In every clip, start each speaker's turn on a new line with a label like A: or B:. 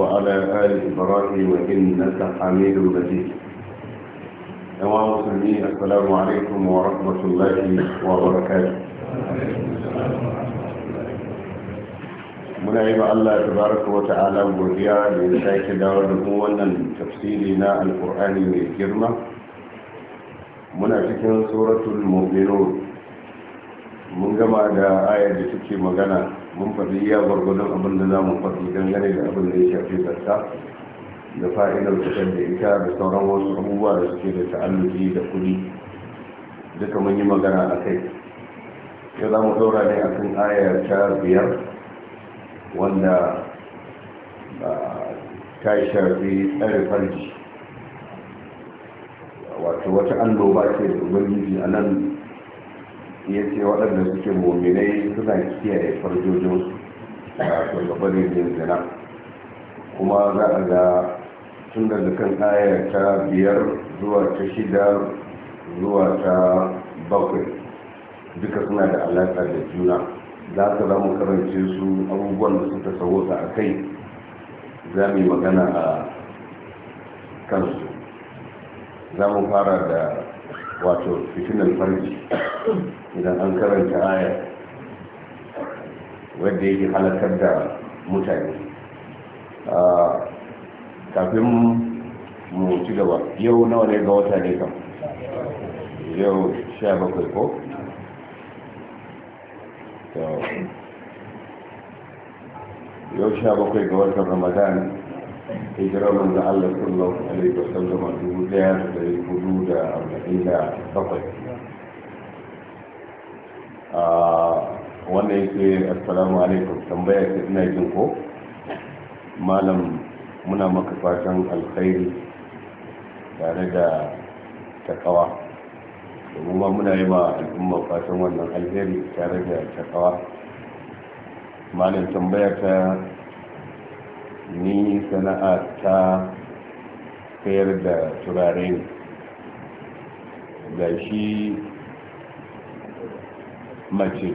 A: وعلى آل إبراهيم إنك حميد مجيد أيها المسلمين السلام عليكم ورحمة الله وبركاته muna yi wa Allah tabaraka wa ta'ala godiya da ya sake dawo da mu wannan tafsiri na alkur'ani mai girma muna cikin suratul mu'minun mun gama da ayar da take magana mun faɗi ya gwargwadon abin da za mu faɗi dangane da abin da ya shafi zarta da fa'idar fitar da ita da sauran wasu abubuwa da suke da ta'alluki da kuɗi duka mun yi magana a kai yau za mu ɗora ne a kan ayar ta biyar wanda ta shafi tsare farji wato wata annoba ce da ubangiji a nan ya ce waɗanda suke mominai suna kiyaye farjojin a shugabanin yin zina kuma za a ga tun da kan ayar ta biyar zuwa ta shida zuwa ta bakwai duka suna da alaƙa da juna za ka za mu karance su abubuwan da suka sauwata a kai za mu yi magana a kansu za mu fara da wato fitinan farji idan an karanta aya wadda yake halakar da mutane kafin mu ci gaba yau nawa ne ga wata ne kam yau sha bakwai ko? yau sha bakwai ga watan ramadan hijirar manzo Allah sallallahu alaihi wasallam dubu daya da dari hudu da arba'in da bakwai wanda yake assalamu alaikum tambaya ta ina jin ko malam muna maka fatan alkhairi tare da takawa domin ma muna yi ma al'umma fatan wannan alheri tare da takawa malam tambaya ta ni sana'a ta sayar da turare ne da shi mace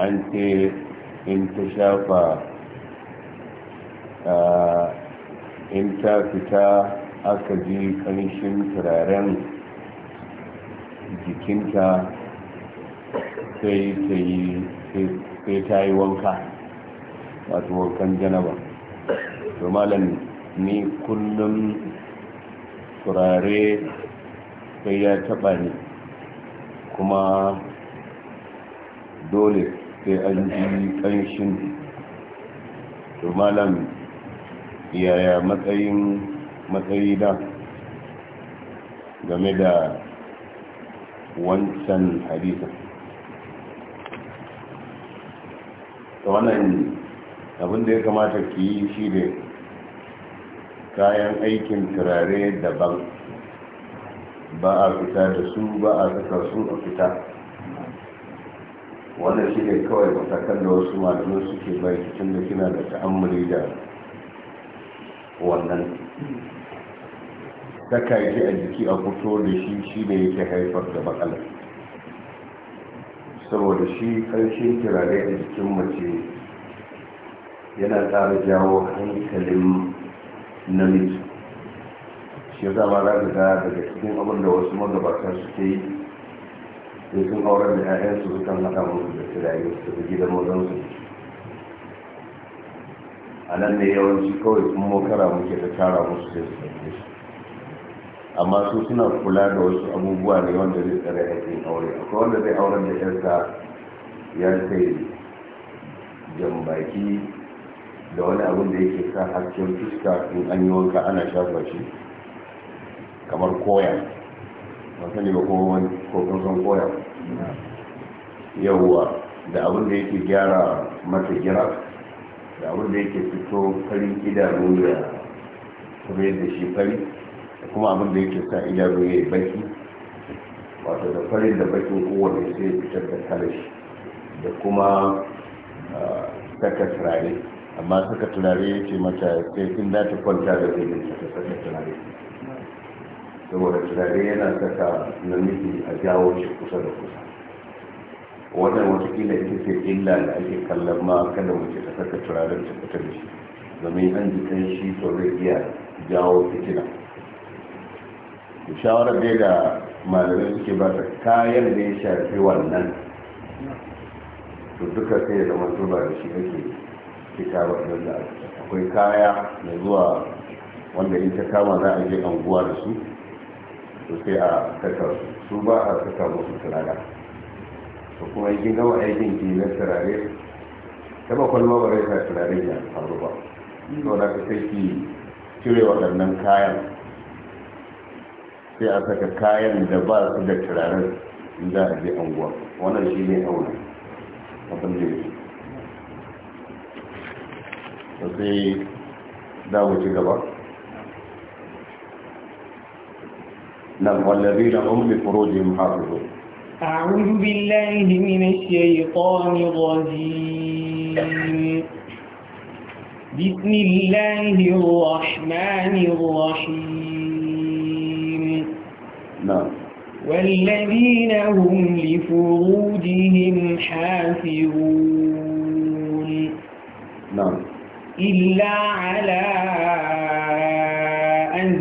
A: an ce in ta shafa in ta fita aka ji kanshin turaren jikinta sai ta yi ta yi wanka wato wankan janaba to malam ni kullum turare sai ya taba ni kuma dole sai an ji ƙanshin to malam yaya matsayin matsayi da game da wancan hadisin ta wannan abin ya kamata ki yi shi ne kayan aikin turare daban ba a fita da su ba a saka su a fita wannan shi ne kawai matakan da wasu malamai suke bai cikin da kina da ta'ammuli da wannan daka yake a jiki a fito da shi shi ne yake haifar da matsalar saboda shi karshen kirare a jikin mace yana tsara jawo hankalin namiji shi zama za daga cikin abin da wasu magabatar suke yi sai sun aurar da 'ya'yansu sukan haɗa musu da turare su fi gidan mazansu a nan ne yawanci kawai sun mokara muke ta tara musu sai su ɗauke su amma su suna kula da wasu abubuwa ne wanda zai ya haƙƙin aure akwai wanda zai auren da 'yarsa ya kai jambaki da wani abin da yake sa hasken fuska in an yi wanka ana shafa shi kamar koya masu ne ba kuma wani kokon son koya yauwa da abin da yake gyara mata gira da abin da yake fito farin idanu ya kuma yadda shi fari da kuma abin da yake sa idanu ya yi baki wato da farin da bakin kowane sai fitar da kalashi da kuma ah, saka turare amma saka turare ya ce mata sai sun dace kwanta da zai ta saka turare saboda turare yana saka namiji a jawo shi kusa da kusa wannan watakila ita ce illa da ake kallon ma kada mace ta saka turaren ta fita da shi domin an ji kan shi to iya jawo fitina shawarar dai da malamai suke ba ta kayan da ya shafi wannan to duka sai ya zama ba da shi ake fita ba da akwai kaya na zuwa wanda in ta kama za a je anguwa da su su sai a saka su ba a saka musu turare su kuma yin gama aikin ki na turare taba kwalma ba rai sa turare ya faru ba to da ka sai ki cire waɗannan kayan sai a saka kayan da ba su da turaren za a je anguwa wannan shi ne aure abin da yake sai za mu ci gaba نعم والذين هم لفروجهم حافظون
B: أعوذ بالله من
A: الشيطان الرجيم بسم الله الرحمن الرحيم
C: نعم
B: والذين هم لفروجهم حافظون نعم إلا على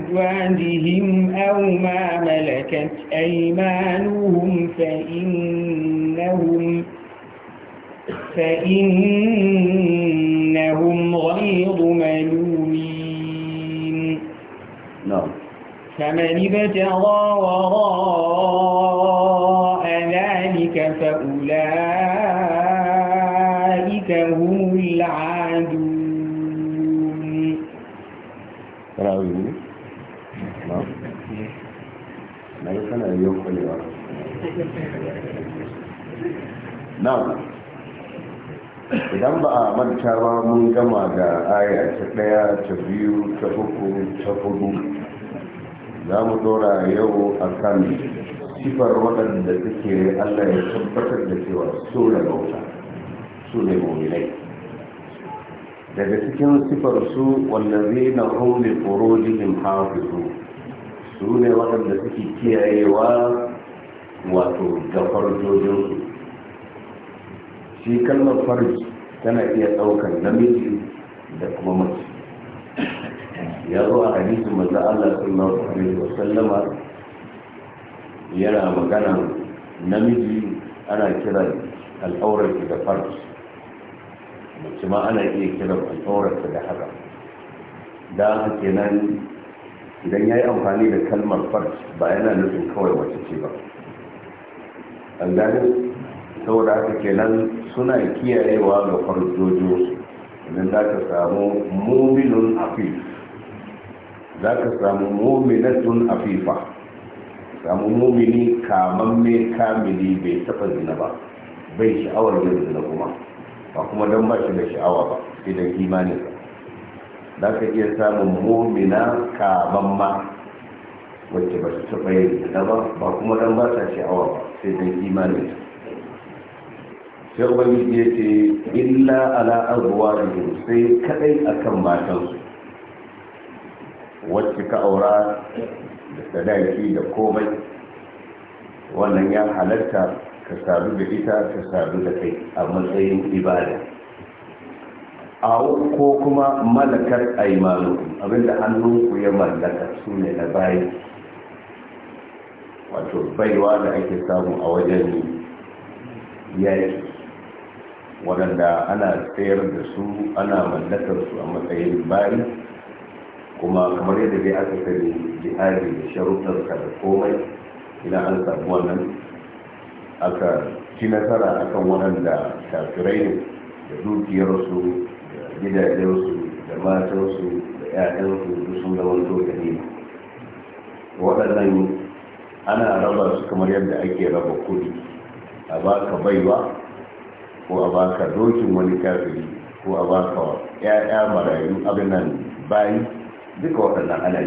B: أزواجهم أو ما ملكت أيمانهم فإنهم فإنهم غير ملومين نعم فمن ابتغى وراء ذلك فأولئك
A: idan ba a manta ba mun gama da aya ta ɗaya ta biyu ta uku ta hudu za mu dora yau a kan sifar waɗanda suke allah ya tabbatar da cewa su da bauta su ne mominai daga cikin sifar su zai na hulli furojihim hafizu su ne waɗanda suke kiyayewa wato gafar jojinsu shi kalmar farji tana iya ɗaukar namiji da kuma mace ya zo a hadisin manzo Allah sallallahu alaihi wasallama yana magana namiji ana kira al'aurar da farji mace ma ana iya kira al'aurar da haka da haka kenan idan ya yi amfani da kalmar farji ba yana nufin kawai wace ce ba an gane saboda haka kenan suna kiyayewa ga farjojo idan za ka samu muminun afif za ka samu muminatun afifa samu mumini mai kamili bai taɓa zina ba bai sha'awar yin zina kuma ba kuma don ba shi da sha'awa ba sai da imanin za ka iya samun mumina ma wacce ba su taɓa yin zina ba ba kuma don ba ta sha'awa ba sai da imanin sai ubangiji ya ce illa ala arzuwa da sai kadai kan matansu wacce ka aura da sadaki da komai wannan ya halarta ka sadu da ita ka sadu da kai a matsayin ibada a ko kuma malakar aimanu abinda hannunku ya mallaka su ne na bayan wato baiwa da ake samu a wajen yaki waɗanda ana tsayar da su ana mallakar su a matsayin bari, kuma kamar yadda bai aka sani jihadi da ka da komai idan an samu wannan aka ci nasara akan waɗanda shafirai ne da dukiyarsu da gidajensu da matansu da 'ya'yansu da sun wani dogani waɗannan ana raba su kamar yadda ake raba kuɗi a baka baiwa ko a baka dokin wani kafiri ko a baka ƴaƴa marayu abin nan bayi duka waɗannan ana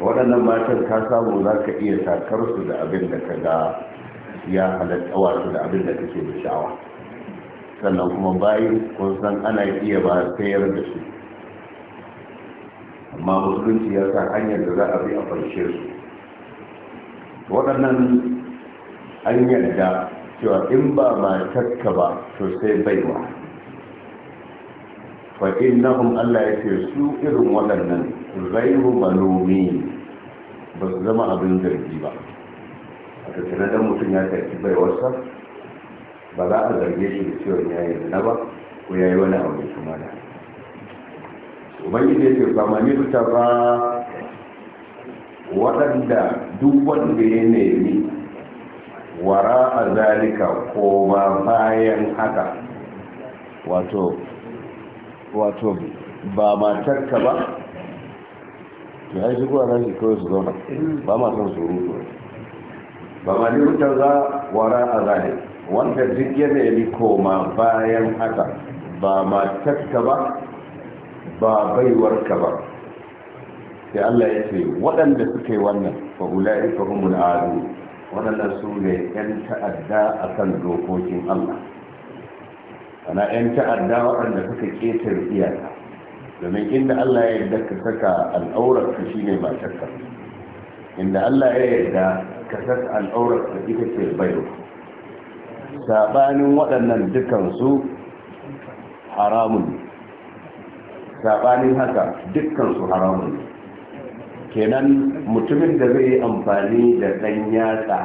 A: waɗannan matan ka samu za ka iya takar su da abin da ka ga ya halatta wasu da abin da kake da sha'awa sannan kuma bayi kun san ana iya ba sayar da su amma musulunci ya sa hanyar da za a bi a farshe su waɗannan an yadda cewa in ba matakka ba to sai baiwa fa innahum Allah ya ce su irin waɗannan ghairu malumi ba su zama abin zargi ba a tattare da mutum ya tafi baiwarsa ba za a zarge shi da cewa ya yi na ba ko ya yi wani abu mai kuma da ubangiji ya ce ba ma ba waɗanda duk wanda ya nemi wara a zalika koma bayan haka wato wato ba matarka ba to ya shi kuwa nan kawai su zauna ba ma son su rufu ba ma lirutar za wara a zalika wanda duk ya nemi koma bayan haka ba matarka ba ba baiwarka ba sai Allah ya ce waɗanda suka yi wannan fa'ula'i fa'umul azu waɗannan su ne 'yan ta'adda a kan dokokin allah ana 'yan ta'adda waɗanda suka ƙetar iyaka domin inda allah ya yarda ka saka al'aurarka shine matarka inda allah ya yarda ka saka al'aurarka ita ce bayo saɓanin waɗannan dukansu haramun saɓanin haka dukansu haramun ne kenan mutumin da zai yi amfani da ɗan yatsa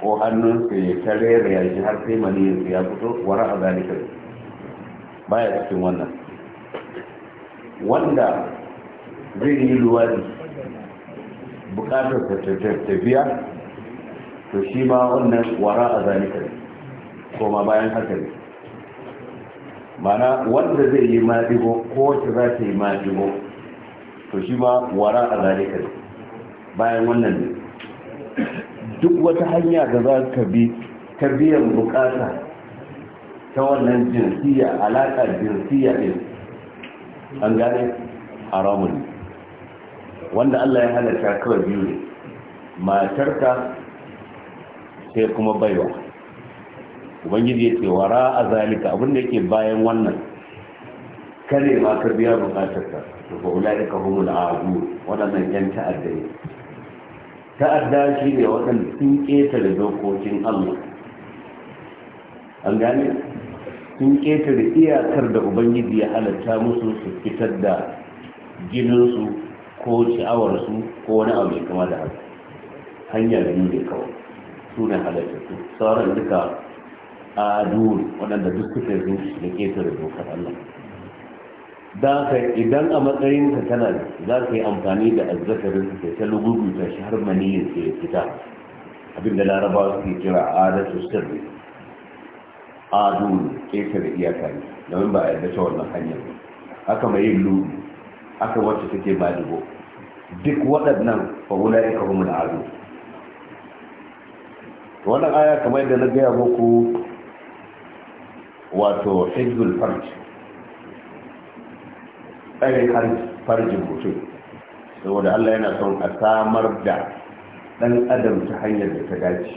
A: ko hannunsa ya tare ya shi har sai maniyinsa ya fito wara a zalika baya cikin wannan wanda zai yi luwadi bukatar ta tafiya to shi ma wannan wara a zalika koma bayan haka ne mana wanda zai yi madigo ko wacce za ta yi madigo to shi ma wara a zalika bayan wannan ne duk wata hanya da za ka bi ka biyan bukata ta wannan jinsiya alaƙa jinsiya ɗin an gane haramun wanda Allah ya halarta kawai biyu ne matarka sai kuma baiwa ubangiji ya ce wara a zalika abinda yake bayan wannan kare ma ka biya bukatarka to fa ka humul aadu wadannan yan ta'adda ne ta'adda shi ne waɗanda sun ƙetare dokokin Allah an gane sun ƙetare iyakar da ubangiji ya halatta musu su fitar da jininsu ko sha'awarsu ko wani abu ya kama da haka Hanya biyu ne kawai su ne su sauran duka a duru duk suka yi sun shi da ƙetare dokar Allah dan ka idan a matsayin ka kana za ka yi amfani da azzakarin ka ta lugubi ta shahar maniyin ka fita abin da larabawa suke kira adatu sirri adu da iyaka ne domin ba a yarda ta wannan hanyar aka mai yin lugu aka wacce take dubo duk waɗannan fa wula ya kawo mu da adu wannan aya kamar yadda na gaya muku wato hizbul farj tsare farjin mutum saboda Allah yana son a samar da ɗan adam ta hanyar da ta dace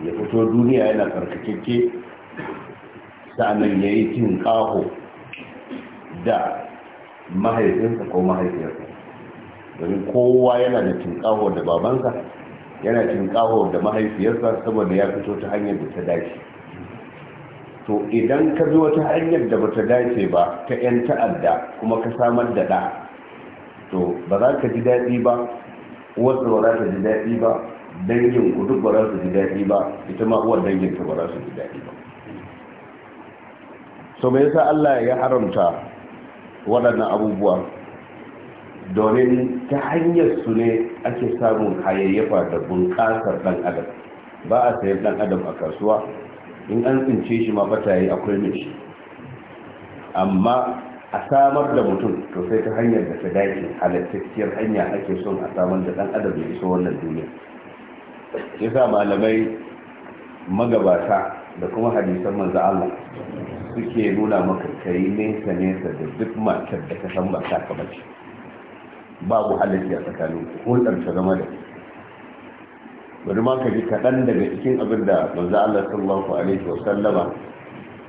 A: ya fito duniya yana tsarkakeke sa'anan ya yi cin ƙaho da mahaifinsa ko mahaifiyarsa domin kowa yana da cin da babansa yana cin da mahaifiyarsa saboda ya fito ta hanyar da ta dace to idan ka zo wata hanyar da bata dace ba ta 'yan ta'adda kuma ka samar da ɗa to ba za ka ji daɗi ba wasu ba za ta ji daɗi ba dangin ku duk ba za su ji daɗi ba ita ma uwar dangin ta ba za su ji daɗi ba so me yasa Allah ya haramta waɗannan abubuwa domin ta hanyar su ne ake samun hayayyafa da bunƙasar ɗan adam ba a sayan ɗan adam a kasuwa in an tsince shi ma bata bataye akwai mai shi amma a samar da mutum to sai ta hanyar da ta dace halittacciyar hanya ake son a samar da dan adam ya iso wannan duniya ya sa malamai magabata da kuma hadisan manzo Allah suke nuna maka kai nesa nesa da duk matar da ka san ba ta bace babu halitta a tsakanin hulɗar ta zama da bari ma ka ji kaɗan daga cikin abin da manzo Allah sallallahu alaihi wa sallama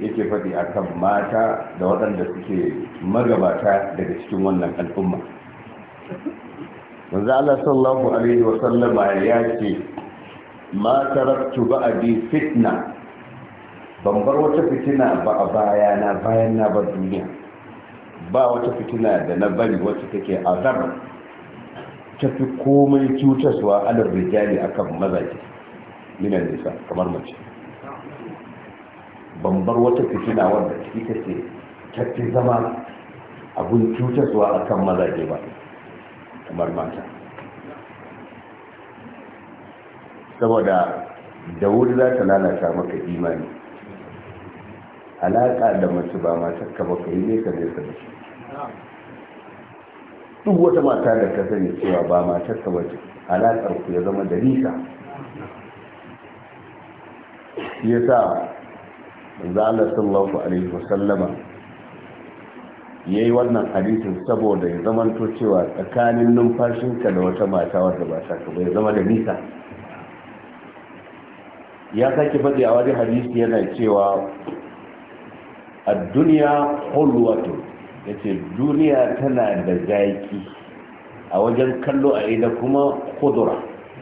A: yake faɗi akan mata da waɗanda suke magabata daga cikin wannan al'umma manzo Allah sallallahu alaihi wa sallama ya ce ma taraktu ba'di fitna ban bar wata fitina ba a baya na bayan na bar duniya ba wata fitina da na bari wacce take azar. ta fi komai cutarwa alar rijali akan mazaje minan nisa kamar mace bambar wata fitina wanda ita ce ta fi zama abun cutarwa akan mazaje ba kamar mata saboda da wuri za ta lalata maka imani alaƙa da mace ba matakka ba ka yi nesa nesa da shi duk wata mata da ta sani cewa ba matar ta bace alaƙar ku ya zama da nisa yasa manzo Allah sallallahu alaihi wasallama yi wannan hadisin saboda ya to cewa tsakanin numfashinka da wata mata wadda ba ta ka bai zama da nisa ya sake faɗi a wani hadisi yana cewa a duniya hulwatu ya ce duniya tana da zaki a wajen kallo a ida kuma kudura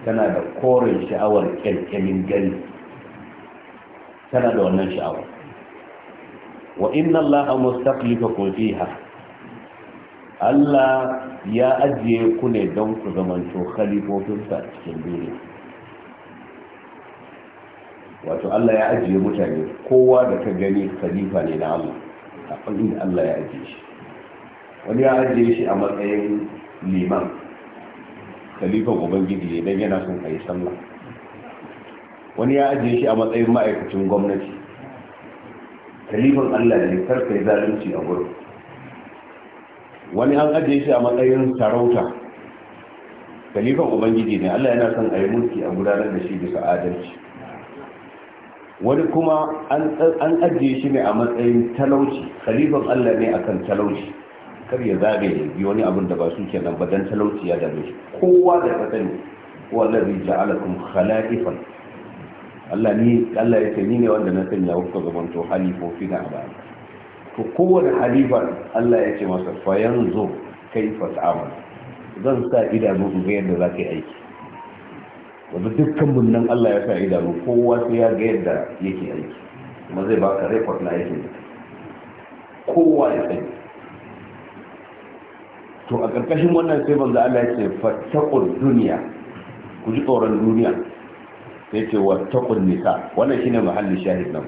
A: tana da koren sha'awar kyalkyalin gani tana da wannan sha'awar wa inna allaha mustaqlifakum fiha Allah ya ajiye ku ne don ku zamanto khalifofinsa a cikin duniya wato Allah ya ajiye mutane kowa da ka gani khalifa ne na Allah a inda Allah ya ajiye shi wani ya ajiye shi a matsayin liman khalifan ubangiji ne don yana son a yi sallah wani ya ajiye shi a matsayin ma'aikacin gwamnati khalifan allah ne karka yi zalunci a gurin wani an ajiye shi a matsayin sarauta khalifan ubangiji ne allah yana son a yi mulki a gudanar da shi bisa adalci wani kuma an ajiye shi ne a matsayin talauci khalifan allah ne akan talauci kar ya zabe ya bi wani abin da ba su nan ba dan talauci ya dame shi kowa da ka sani huwa allazi ja'alakum khala'ifan Allah ni Allah ya ni ne wanda na sanya ku zaman to halifofi na ba to kowane halifan Allah ya ce masa fa yanzu kaifa ta'amal zan sa idanu in ga yadda za ka yi aiki wanda dukkan mun nan Allah ya sa idanu kowa sai ya ga yadda yake aiki kuma zai baka rekord na aikin da kowa ya sani to a ƙarƙashin wannan sai banza Allah ya ce fattaqul duniya ku ji tsoron duniya sai ce wattaqun nisa wannan shine mahallin shahid nan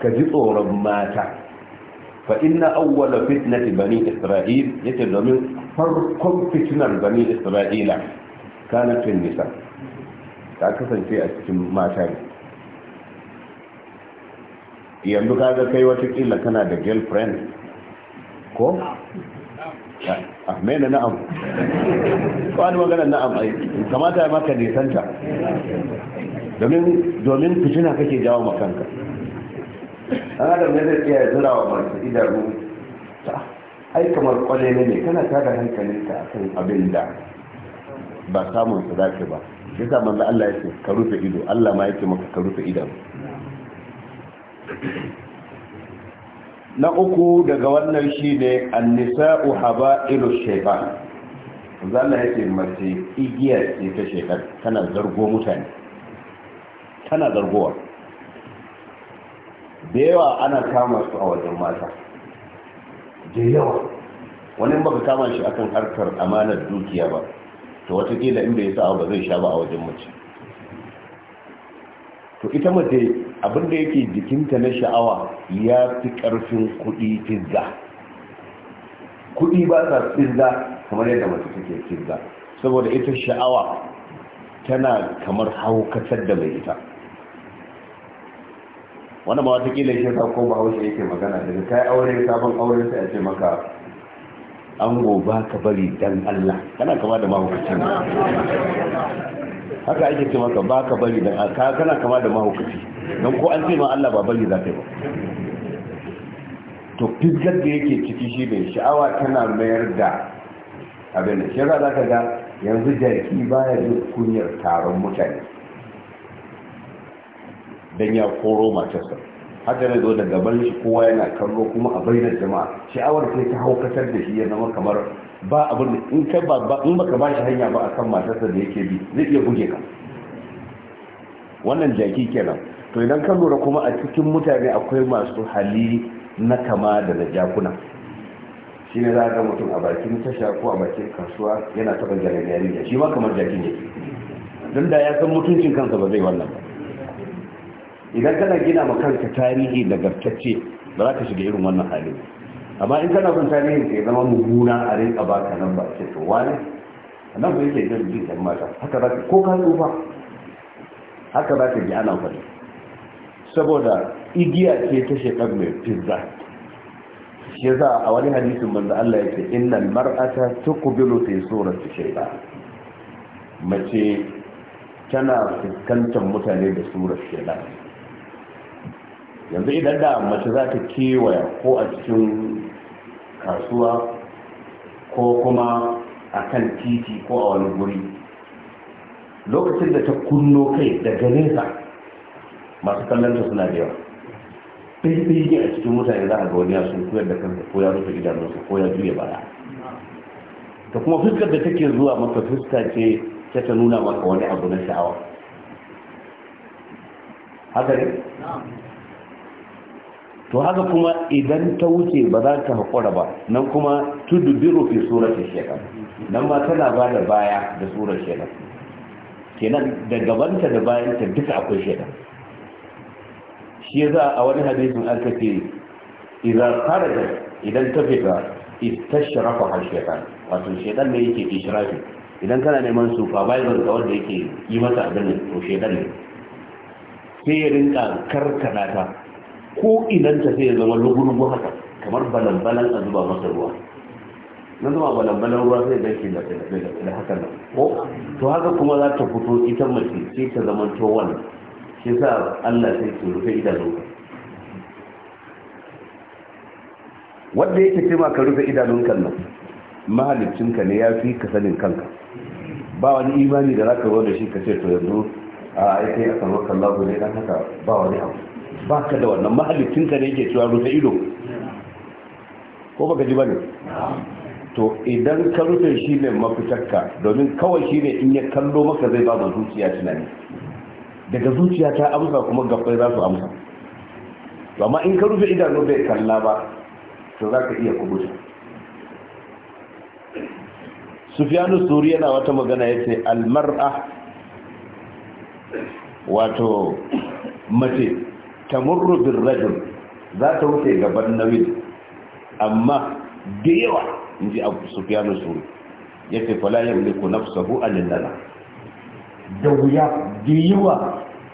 A: ka ji tsoron mata fa inna awwala fitnati bani isra'il yace domin farkon fitnar bani isra'ila kana fil nisa ta kasance a cikin mata ne yanzu kaga kai wata kila kana da girlfriend ko ahmai na na'am wani maganar na'am ai kamata ma ka nesanta domin fitina kake jawo makanka an adam ne zai iya zura wa masu idanu ta ai kamar kwale ne ne kana tada hankalinka a kan abin da ba samun su dace ba shi sa manzo Allah ya ce ka rufe ido Allah ma yake maka ka rufe idanu na uku daga wannan shi ne ilu shekar Za na yake mace igiya ce ta shekar tana zargo mutane tana zargowa da yawa ana kama su a wajen mata da yawa wani baka kama shi akan harkar amanar dukiya ba to watakila in bai sa ba zai sha ba a wajen mace to ita mace abinda yake jikinta na sha'awa ya fi karfin kuɗi fizza Kuɗi ba sa fizza kamar yadda mace take fizza saboda ita sha'awa tana kamar haukatar da mai ita wanda ma watakila shi ta ko bahaushe yake magana daga kai aure sabon aure sai ce maka an goba ka bari dan Allah kana kama da mahaukacin
C: haka ake ce maka ba ka bari dan ka kana kama da mahaukaci don ko an ce ma
A: Allah ba bari za ka yi ba to fizgar da yake ciki shi ne sha'awa tana mayar da abin da shi za ka ga yanzu jaki baya jin kunyar taron mutane dan ya koro matarsa haka ne zo da gaban shi kowa yana kallo kuma a bainar jama'a sha'awar sai ta haukatar da shi ya zama kamar ba abin da in kai ba in baka ba shi hanya ba a kan matarsa da yake bi zai iya buge ka wannan jaki kenan to idan ka lura kuma a cikin mutane akwai masu hali na kama da na jakuna shi ne za ga mutum a bakin tasha ko a bakin kasuwa yana taɓa gyalen yarinya shi ma kamar jakin ne. don da ya san mutuncin kansa ba zai wannan ba idan kana gina ma kanka tarihi nagartacce ba za ka shiga irin wannan hali ba. amma in kana son tarihin ne ya zama mummuna a rinka ba ka nan ba ce to wani nan ba yake da ji da mata haka ba ko ka tsufa haka ba ka ji ana faɗi saboda igiya ce ta shekar mai fizza shi yasa a wani hadisin manzo Allah yake innal mar'ata tuqbilu fi surati shayba mace tana fuskantar mutane da surar shaytan yanzu idan da mace za ta kewaya ko a cikin kasuwa ko kuma a kan titi ko a wani guri lokacin da ta kunno kai daga nesa masu kallonta suna da yawa fifiki a cikin mutane za a ga wani sun koyar da kansa ko ya rufe idanunsa ko ya juya baya ta kuma fuskar da take zuwa maka fuska ce ta ta nuna maka wani abu na sha'awa haka ne to haka kuma idan ta wuce ba za ta haƙura ba nan kuma tudu biro fi suratun shekar nan ma tana ba da baya da surar shekar kenan da gabanta da bayanta duka akwai shekar shi ya za a wani hadisin an ce idan da idan ta fita sharafa har shekar wato shekar ne yake ishrafi idan kana neman supervisor zarka wanda yake yi masa abin to shekar ne sai ya rinka karkana ta ko idan ta sai zama lugungun haka kamar balan-balan a zuba masa ruwa na zama balan-balan ruwa sai zai ke da haka nan ko to haka kuma za ta fito ita mace sai ta zama to shi sa Allah sai ke rufe idanu wanda yake ce ka rufe idanun kan nan mahalicinka ne ya fi ka sanin kanka ba wani imani da za ka ruwa da shi ka ce to yanzu a aiki a kan kallon lagu ne dan haka ba wani abu ba ka da wannan ka ne ke cewa rufe ido ko baka ji ba ne to idan ka rufe shi ne mafitarka domin kawai shi ne in ya kallo maka zai ba zuciya tunani daga zuciya ta amsa kuma gabbai za su amsa to amma in ka rufe idanu bai kalla ba to za ka iya kubuta sufiyanu suri yana wata magana ya ce almar'a wato mace tamurru bin rajul za ta wuce gaban nawil amma da yawa in ji abu sufiyanu suri ya ce fala ya wuli ku nafsahu alillala da wuya da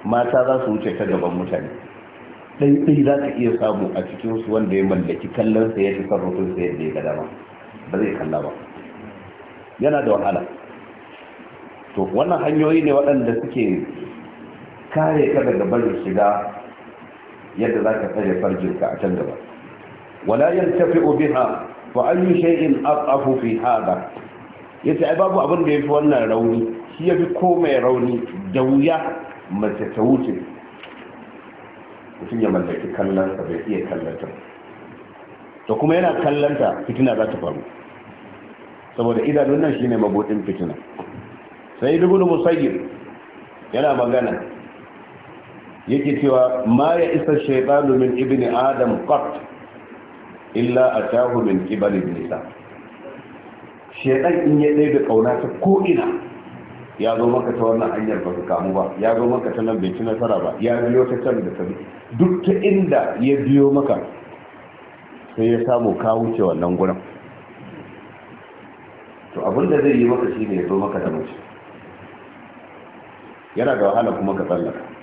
A: mata za su wuce ta gaban mutane ɗaiɗai za ta iya samu a cikin su wanda ya mallaki kallonsa ya fi sarrafinsa yadda ya ga dama ba zai kalla ba yana da wahala to wannan hanyoyi ne waɗanda suke kare ka daga barin shiga yadda za ka tsare farjinka a can gaba wala yantafi'u biha fa ayyu shay'in aqafu fi hada yace ai babu abin da yafi wannan rauni shi yafi komai rauni da wuya mace ta wuce mutum ya mallaki kallon sa bai iya kallanta ta to kuma yana kallon ta fitina za ta faru saboda idanun nan shine mabudin fitina sai dubu musayyib yana magana yake cewa ma ya isa min ibn adam qat illa atahu min qibal nisa in ya dai da kauna ta ko'ina. ina ya zo maka ta wannan hanyar ba ka kamu ba ya zo maka ta nan bai ci nasara ba ya biyo ta can da tabi duk ta inda ya biyo maka sai ya samu ka wuce wannan gurin to abin da zai yi maka shine ya zo maka da mace yana da wahala kuma ka tsallaka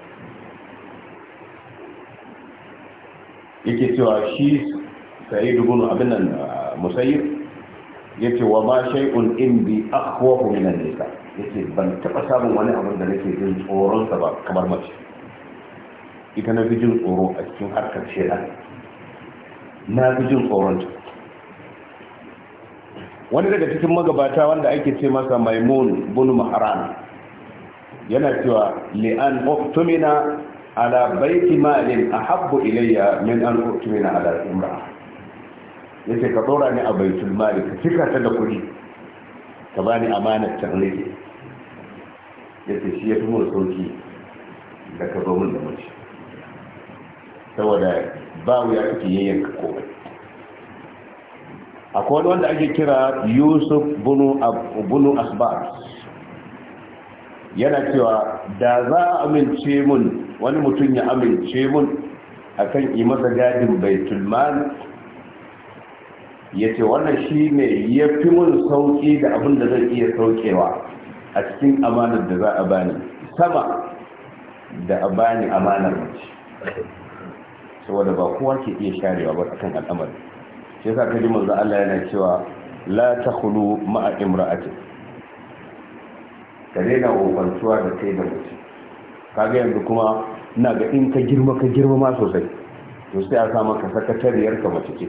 A: yake cewa shi sai dubu abin nan ah, musayyib yace wa ma shay'un bi akhwafu min an-nisa yace ban taba samun wani abin da nake jin tsoron sa ba kamar mace ita na fi jin tsoro a cikin harkar shaidan na fi jin tsoron ta wani daga cikin magabata wanda ake ce masa maimun bunu maharan yana cewa li'an uktumina ala baiti a ahabbu ilayya min an utumina ala yace ka dora a baitul mali ka cika ta da kuɗi ka bani amanar ta rage yace shi ya fi mun sauki da ka zo mun da mace saboda ba wuya kake yayyanka komai akwai wani ake kira yusuf bunu asbat yana cewa da za a amince mun wani mutum ya amince mun akan yi masa gadin baitul mal ya ce wannan shi ne ya fi mun sauƙi da abin da zan iya sauƙewa a cikin amanar da za a bani sama da a bani amanar mace saboda ba kowa ke iya sharewa ba akan al'amari shi yasa kaji manzo Allah yana cewa la takhulu ma'a imra'atin ka daina kokantuwa da kai da mutum. kaga yanzu kuma ina ga in ka girma ka girma ma sosai to sai a sa maka sakatariyar ka mace ce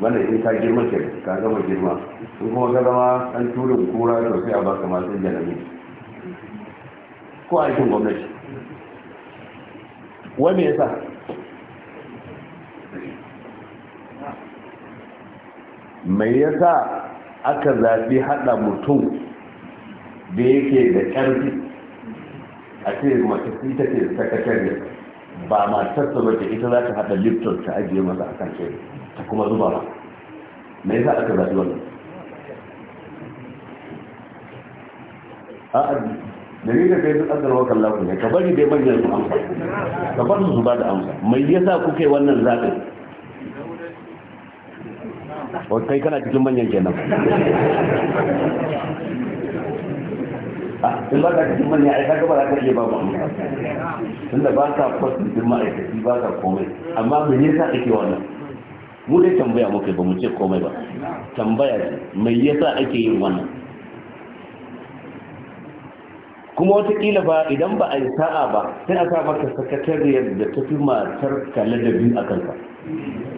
A: wannan in ka girma ke ka gama girma in kuma ka zama an turin kura to sai a baka masu jalami ko aikin gwamnati wani me sa mai sa aka zaɓi haɗa mutum da yake da ƙarfi a ce mace ita ce sakatare ba matar ba ce ita za ta haɗa lifton ta ajiye masa akan ce ta kuma zuba ba me yasa ka zaɗi wannan a'a ni da kai azar wakan lafi ne ka bari dai manyan su amsa ka bar su zuba da amsa mai yasa kuka yi wannan zaɓin
C: kai kana cikin manyan kenan in ba ka cikin manya ai kaga ba za ka iya ba ba tunda ba ka
A: kwasin din ma'aikaci ba ka komai amma me yasa ake wannan mu dai tambaya muke ba mu ce komai ba tambaya ce me yasa ake yin wannan kuma watakila ba idan ba a yi sa'a ba sai a sa maka sakatariyar da ta fi matar ka ladabi a kanka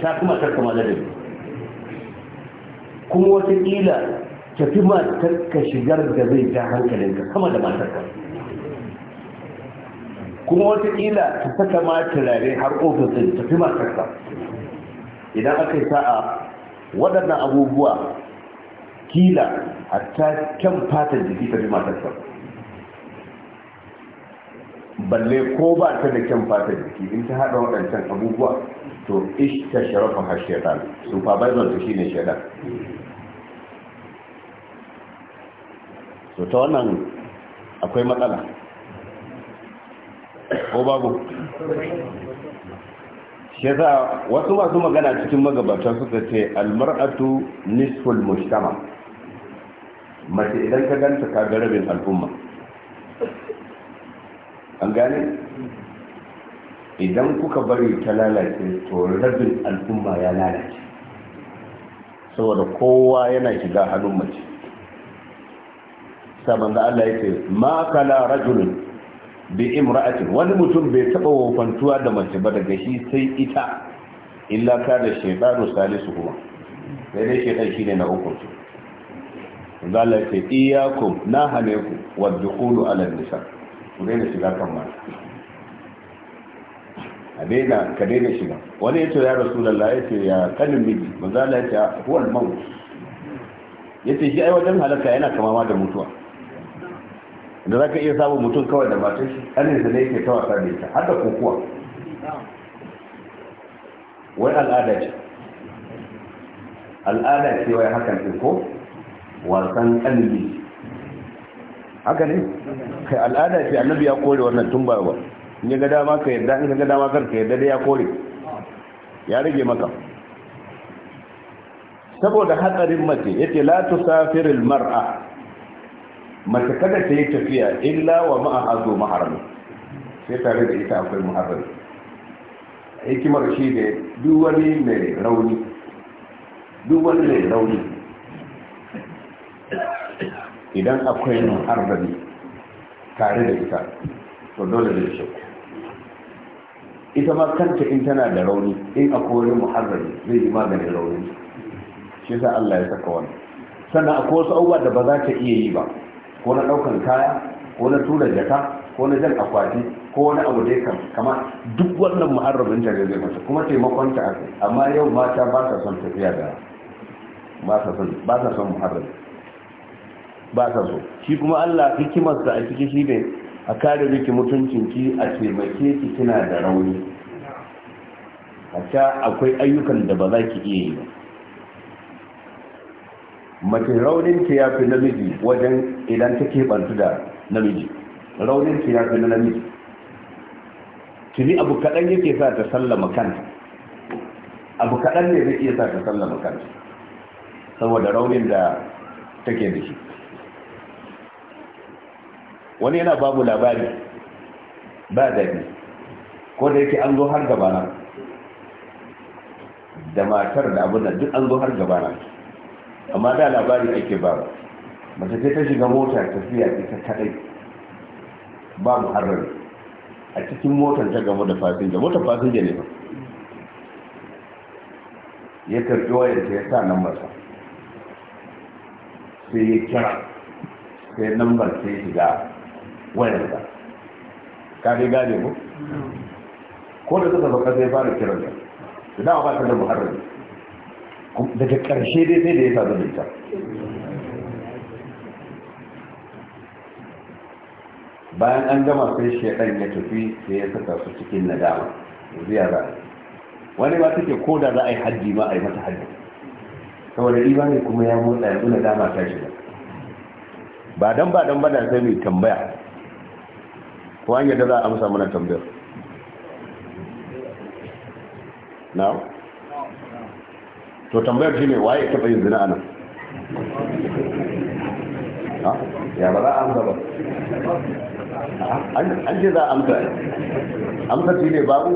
A: ta fi matar ka ma ladabi
B: kuma watakila tafi matar ka shigar da zai ja hankalinka
A: sama da matar ka kuma watakila ta saka ma turare har ofis din tafi matar ka idan aka yi sa'a waɗannan abubuwa kila ta kyan fatan jiki tafi matar ka balle ko ba ta da kyan fata jiki in ta haɗa waɗancan abubuwa to ish ta sharafa har shaitan supervisor ta shine shaitan to ta wannan akwai matsala ko babu shi yasa wasu masu magana cikin magabata suka ce almar'atu nisful mujtama mace idan ka ganta ka ga rabin al'umma an gane idan kuka bari ta lalace to rabin al'umma ya lalace saboda kowa yana shiga hannun mace sa manzo Allah yake ma kala rajulun bi imra'ati wani mutum bai taba wofantuwa da mace ba daga shi sai ita illa ka da shaytanu salisu kuma sai dai shaytan shine na uku manzo Allah yake iyyakum na hane ku dukhulu ala nisa ku daina shiga kan mata a daina ka daina shiga wani ya ce ya rasulallah ya ce ya kanin miji manzo Allah ya ce huwal mawu. ya ce shi ai wajen halaka yana kama da mutuwa da za ka iya samun mutum kawai da matan shi an yanzu ne yake ta wasa da ita har da kokuwa wai al'ada ce al'ada ce wai hakan ɗin ko wasan ƙalbi haka ne kai al'ada ce annabi ya kore wannan tun ba in ya ga dama ka yarda in ka ga dama kar ka yarda da ya kore ya rage maka saboda hatsarin mace yace la tusafiril mar'a mace kada ta yi tafiya illa wa ma'aha zo maharami sai tare da ita akwai muharrami hikimar shi ne duk wani mai rauni duk wani mai rauni idan akwai maharami tare da ita to dole da shi ita ma kanta in tana da rauni in akwai wani maharami zai yi maganin rauni shi sa Allah ya saka wani sannan akwai wasu abubuwa da ba za ta iya yi ba ko na ɗaukan kaya ko na tura jaka ko na jan akwati ko wani abu da ya kama duk wannan muharrabin ta zai mata kuma taimakon ta ake. amma yau mata ba sa son tafiya da ba ta son ba sa son ba sa so shi kuma Allah hikimar sa a ciki shi ne a kare miki mutuncin ki a taimake ki kina da rauni ta akwai ayyukan da ba za ki iya yi ba mace raunin ta ya fi namiji wajen idan ta bantu da namiji raunin ta ya fi na namiji tuni abu kaɗan yake sa ta sallama kanta abu kaɗan ne zai iya sa ta sallama kanta saboda raunin da take da shi wani yana babu labari ba daɗi ko da yake an zo har gabana da matar da abin da duk an zo har gabana amma da labari ake ba ba sai ta shiga mota tafiya ita kadai ba muharrar a cikin motar ta gama da fasinja motar fasinja ne ba ya karbi wayar ta ya sa nan masa sai ya kira sai lambar sai ya shiga wayar ta ka gane ko hmm. ko da suka baka sai fara kiran ta da ba ta da muharrar daga ƙarshe dai sai da ya sadu da ita bayan an gama sai shaidan ya tafi sai ya saka su cikin nadama ziyara wani ba take ko da za a yi hajji ma a yi mata hajji saboda imani kuma ya motsa yanzu nadama ta shiga ba dan ba dan bada sai mai tambaya ko an yadda za a amsa mana tambayar na'am to tambayar shi ne waye taɓa yin zina anan
C: ya ba za a amsa ba
A: an ce za a amsa amsa shi ne babu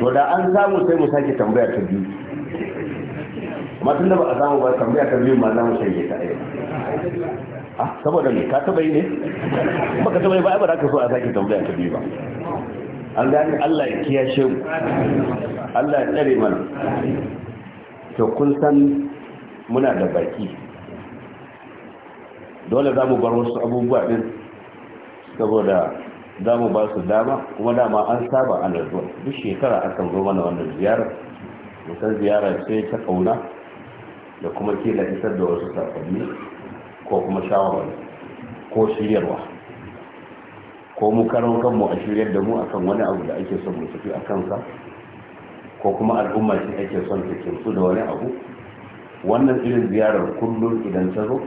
A: to da an samu sai mu sake tambaya ta biyu amma tun da ba a samu ba tambaya ta biyu ma za mu shanye ta ɗaya saboda ne ka taɓa yi ne ba ka taɓa yi ba ba za ka so a sake tambaya ta biyu ba an gane allah ya kiyashe mu allah ya tsare mana to kun san muna da baki dole za mu bar wasu abubuwa din saboda za mu ba su dama kuma dama an saba a zuwa duk shekara akan zo mana wannan ziyarar musan ziyara ce ta kauna da kuma ke da isar da wasu sakonni ko kuma shawarar ko shiryarwa ko mu karo kanmu a shiryar da mu akan wani abu da ake son mu tafi a kansa ko kuma al'umma shi ake son ta su da wani abu wannan irin ziyarar kullum idan ta zo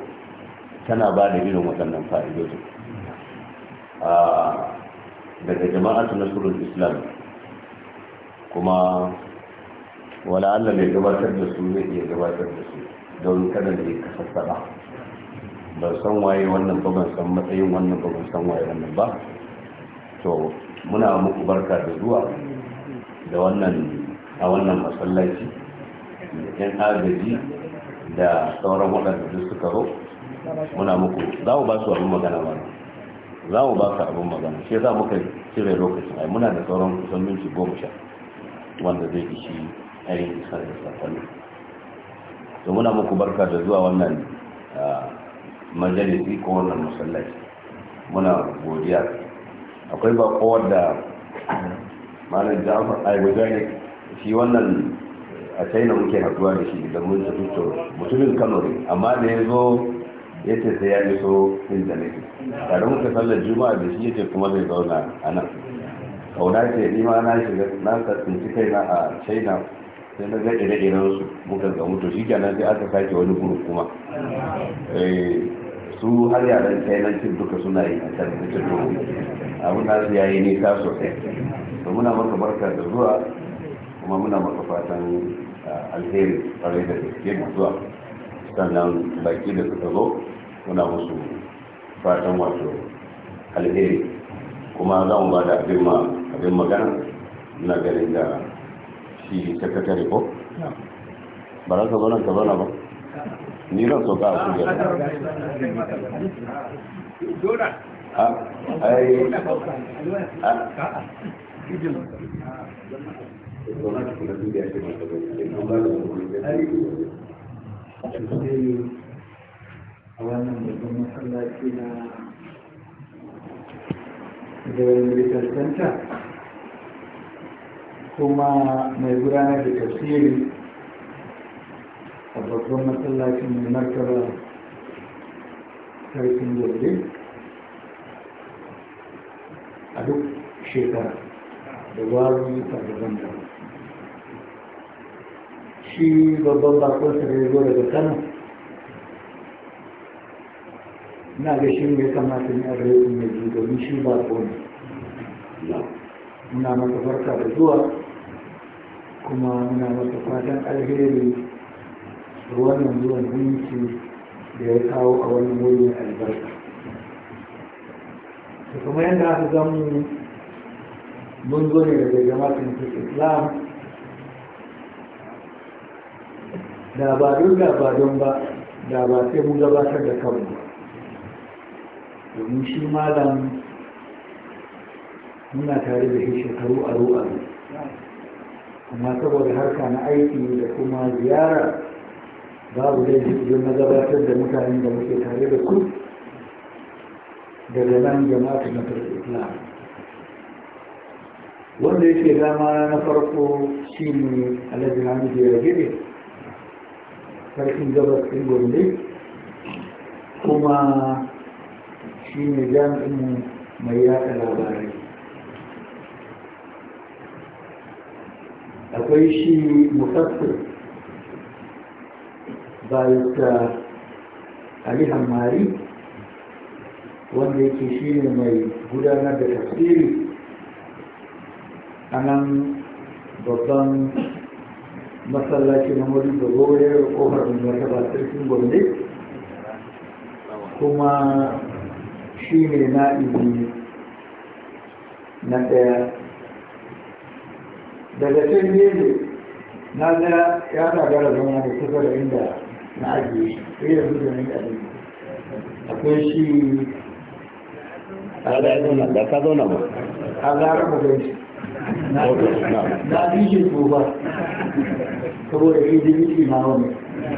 A: tana ba da irin waɗannan fa'idodin daga jama'atu na surun islam kuma wala allah mai gabatar da su zai iya gabatar da su don kada da ya kasassaba ban san waye wannan ba ban san matsayin wannan ba ban san waye wannan ba to muna muku barka da zuwa da wannan a wannan masallaci da yan agaji da sauran waɗanda duk suka ro muna muku za mu ba su abin magana ba za mu ba su abin magana shi za mu kai cire lokacin ai muna da sauran kusan minti goma sha wanda zai ishi ayin isa da sakonni to muna muku barka da zuwa wannan majalisi ko wannan masallaci muna godiya akwai ba kowar da malam jafar ai ne shi wannan a china muke haduwa da shi da mun tafi to mutumin kano ne amma da ya zo ya ce sai ya iso inda ne tare muka sallar juma'a da shi ya ce kuma zai zauna a nan kauna ce ni ma na shiga na tsinci na a china sai na gaɗe ire irin su muka ga mutu shi kenan sai aka sake wani guru kuma eh, su har yaran cin duka suna yi a can da cikin abin nasu yayi nisa sosai to muna maka barka da zuwa kuma muna maka fatan ah, alheri tare da gaske mutuwa sannan baki da suka zo muna musu fatan wato alheri kuma za mu ba da abin magana na ganin da shi sakatare ko ba za ka zo nan ka zauna ba
C: ni ran soka a
A: kujar ha? Ah, ai ah. zauna cikin da duniya ce masu gani da
D: wani zai kuma mai gudanar da tafsiri a babban masallacin mai martaba sarkin gobe a duk shekara da waruyuka daban da shi babban bakonsa da zo daga kano na ga shi ne kamata ne a gare mai ji domin shi ba ne muna masa farka da zuwa kuma muna masa fatan alheri da wannan zuwan zumunci da ya kawo a wannan wurin albarka kuma yadda aka zamu mun zo ne daga jama'atin islam da ba don da ba don ba da ba sai mun gabatar da ba. domin shi malam muna tare da shi shekaru a aro Kuma saboda harka na aiki da kuma ziyara babu da idan na gabatar da mutane da muke tare da ku daga nan jama'atin islam wanda yake dama na farko shi ne alhaji hamidu ya gire sarkin gabas ɗin gombe kuma shi ne jami'in mai yaɗa labarai akwai shi mufassir bayuka ali hammari wanda yake shi ne mai gudanar da tafsiri a nan babban masallaci na wani da goye da kofar da ta ba sarkin gombe kuma shi ne na'ibi na daya daga can gefe na daya ya gagara zama da kusa da inda na ajiye shi da zuwa ne da akwai shi a da ka ba a zarar mu gaishe na bishe tsoba saboda shi jimiki na wani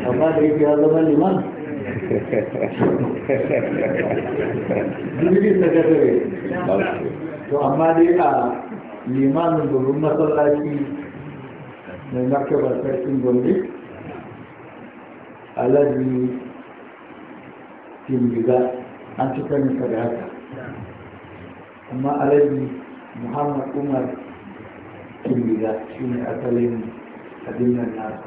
D: amma da yake ya zama liman jimiki ta kasare to amma dai a limanin gurin masallaci mai martaba sarkin gombe alaji timbiza. an ci kanin da haka amma alaji muhammad umar kimiyya shi ne asalin abin nan nasa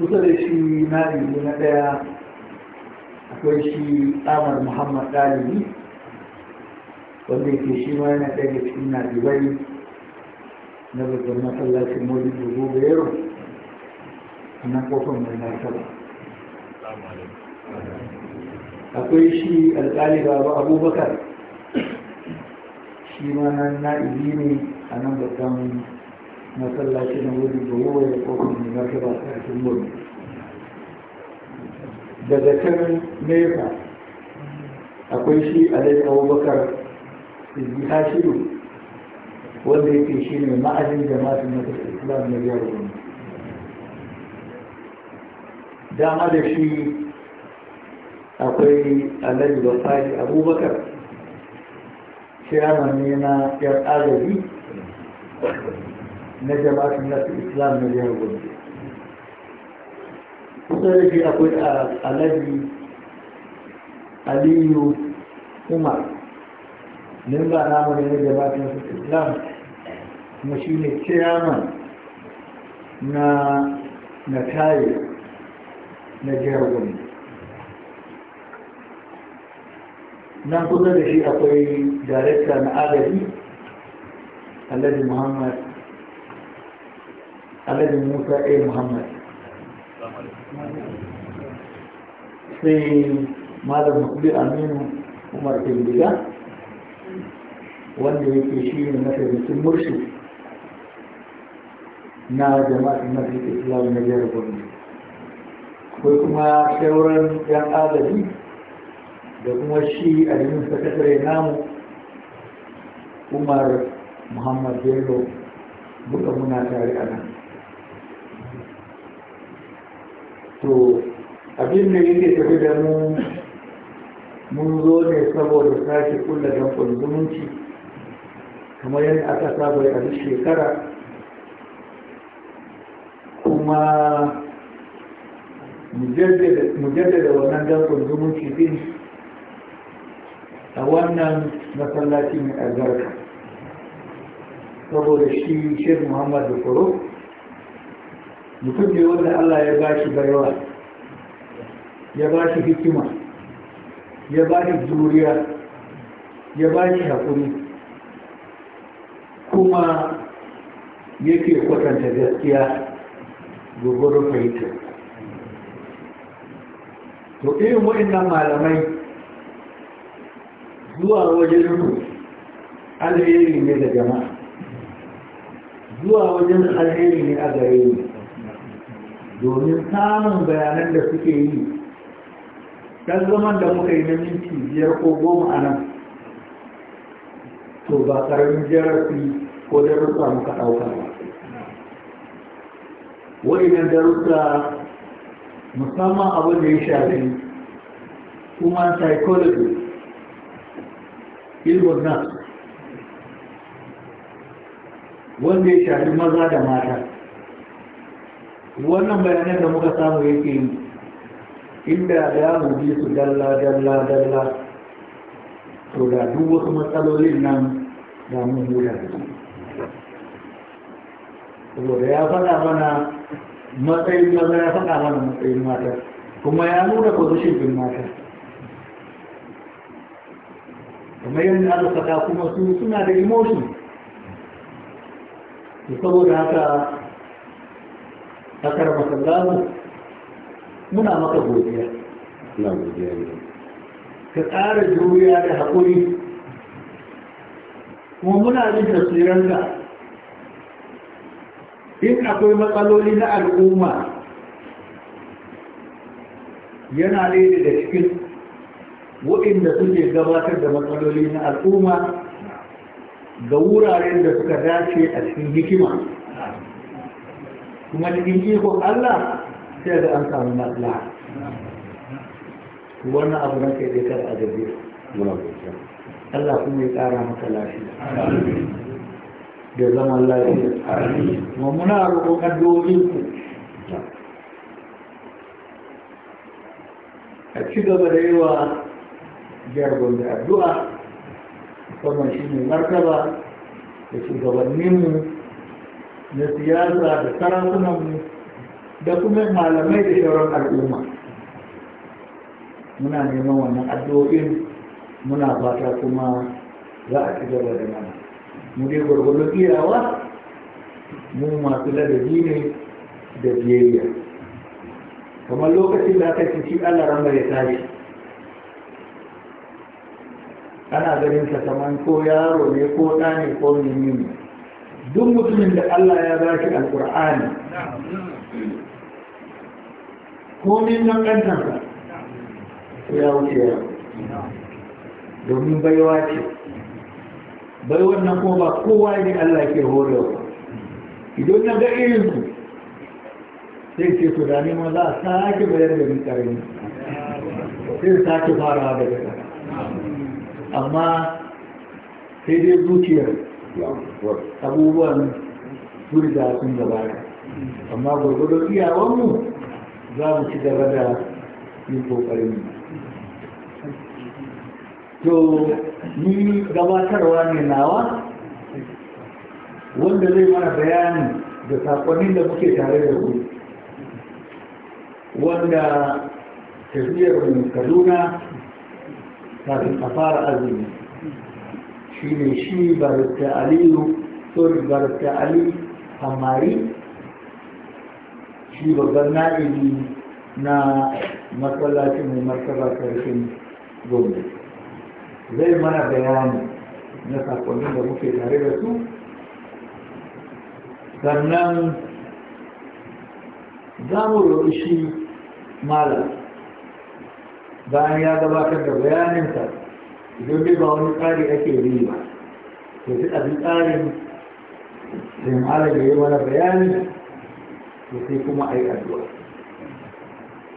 D: kusa da shi na ilu na ɗaya akwai shi tsamar muhammad Dalibi. wanda yake shi ma yana ɗaya cikin nazibai na babban masallacin mori dubu da yaro a nan mai mai ba. akwai shi alƙali baba abubakar shi ma nan na'ibi ne a nan babban masallaci na wuri da yawa da kofin mai martaba sarkin wuri daga can nesa akwai shi alai abubakar izbi wanda yake shi ne ma'ajin jama'atun na islam na biyar wani dama da shi akwai alai basari abubakar shiraman ne na yar agaji na jama'atun nasu islam na jihar gombe kusa da shi akwai alhaji aliyu umar nan ba namu ne na jama'atun nasu islam kuma shi ne ciyaman na na kayi na jihar gombe nan kusa da shi akwai director na agaji annabi muhammad annabi musa a muhammad sai malam mukbi aminu umar bindiga wanda yake shi ne na mataimakin murshi na jama'atin mafi islam na jihar gwamnati akwai kuma shawarar yan adali da kuma shi a jimin sakatare namu umar muhammad bello buga muna tare a nan to abin da yake tafi da mu mun zo ne saboda sake kulla da zumunci kamar yadda aka saba a duk shekara kuma mu jaddada wannan dankon zumunci din a wannan masallaci mai albarka saboda shi shir muhammadu kuro mutum ne wanda allah ya ba shi baiwa ya ba shi hikima ya ba shi juriya ya ba shi haƙuri kuma yake kwatanta gaskiya gurgurin fahimtar to irin waɗannan malamai zuwa wajen alheri ne da jama'a zuwa wajen alheri ne a gare ni domin samun bayanan da suke yi ɗan zaman da muka yi na minti biyar ko goma a nan to ba ƙaramin jarabi ko darussa muka ɗauka ba wa'inan darussa musamman abin da ya shafi human psychology ilmin nasu wanda ya shafi maza da mata wannan bayanai da muka samu yake yi inda ya mu su dalla dalla dalla to da duk wasu matsalolin nan da mun huda saboda ya faɗa mana matsayin maza ya faɗa mana matsayin mata kuma ya nuna position din mata kamar yadda aka faɗa kuma su suna da emotion saboda haka a karmaka gamu muna maka godiya na godiya ne ka tsara juriya da haƙuri kuma muna jin tasiranka in akwai matsaloli na al'umma yana daidai da cikin waɗanda suke gabatar da matsaloli na al'umma ga wuraren da suka dace a cikin hikima kuma cikin ikon Allah sai da an samu matsala wannan abu na kai kar a gabe Allah kuma ya kara maka lafiya da zaman lafiya kuma muna roƙon addu'o'in ku a ci gaba da yawa jarbon da addu'a wannan shi ne martaba da shugabanninmu na siyasa da sarakunanmu da kuma malamai da shauran al'umma muna neman wannan addu'o'in muna fata kuma za a ci gaba da mana mu dai gwargwado iyawa mu masu ladabi ne da biyayya kamar lokacin da aka ci Allah ya tashi ana ganin sa kaman ko yaro ne ko ɗa ne ko menene duk mutumin da Allah ya ba shi alƙur'ani komin nan ƙantansa ya wuce ya? domin baiwa ce baiwar nan kuma ba kowa ne Allah ke horewa idan na ga irin ku. sai ce su da ma za a sake bayar da mutane sai sake farawa daga ƙasa amma sai dai zuciyar abubuwan da sun gabata amma gwargwadon iyawanmu za mu ci gaba da yin kokarin to ni gabatarwa ne nawa wanda zai mana bayani da sakonin da muke tare da ku wanda tafiyar mu kaduna kafin a fara azumi shi ne shi barista aliyu sorry barista ali hamari shi babban na'ili na matsalacin mai martaba karfin gobe zai mana bayani na sakonin da muke tare da su sannan za mu roƙi shi malam bayan ya gabatar da bayaninsa idan bai ba wani tsari ake yi ba to duk abin tsarin sai malam ya yi mana bayani to sai kuma a yi addu'a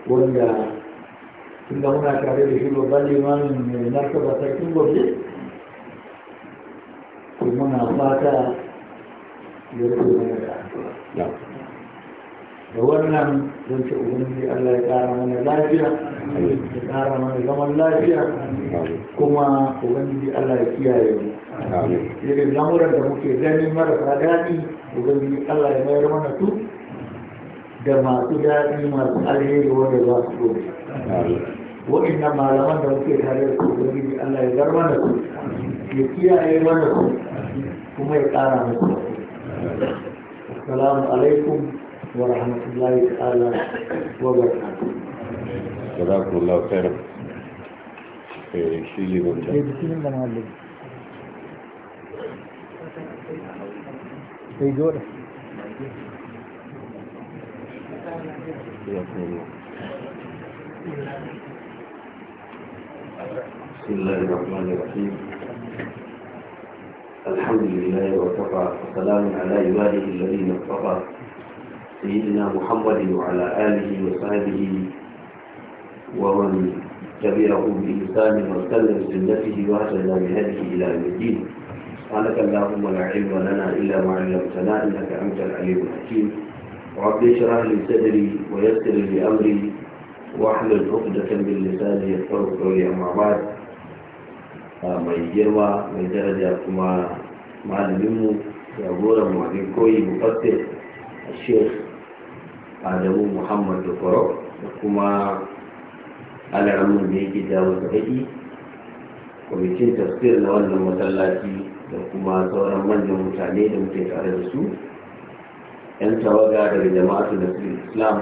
D: wanda tunda muna tare da shi babban limamin mai narkaba sarkin gobe to muna fata ya rufe mana da
C: addu'a
D: da wannan don ce ubangiji Allah ya kara mana lafiya ya ƙara mana zaman lafiya kuma ubangiji Allah ya kiyaye mu irin lamuran da muke gani marasa daɗi ubangiji Allah ya mayar mana su da masu daɗi masu alheri wanda za su dole wa'annan malaman da muke tare da su ubangiji Allah ya zar mana su ya kiyaye mana su kuma ya kara mana su السلام عليكم ورحمة الله تعالى وبركاته
C: جزاكم الله خيرا
D: شيء يقول إيه،
C: يقول بسم الله الرحمن
B: الرحيم الحمد لله وكفى وسلام على عباده الذين اصطفى سيدنا محمد وعلى آله وصحبه ومن تبعه بإنسان وسلم سنته واهتدى بهذه إلى يوم الدين سبحانك اللهم لا علم لنا إلا ما علمتنا إنك أنت العليم الحكيم وعبد اشرح لي صدري ويسر لي أمري واحلل عقدة من لساني يفقهوا قولي أما بعد mai girma mai daraja كما malaminmu يا mu abin الشيخ adamu muhammad da kwaro da kuma Alaramin da yake jawo da haƙi kwamitin tafsir na wannan masallaci da kuma sauran manyan mutane da muke tare da su yan tawaga daga jama'atu da islam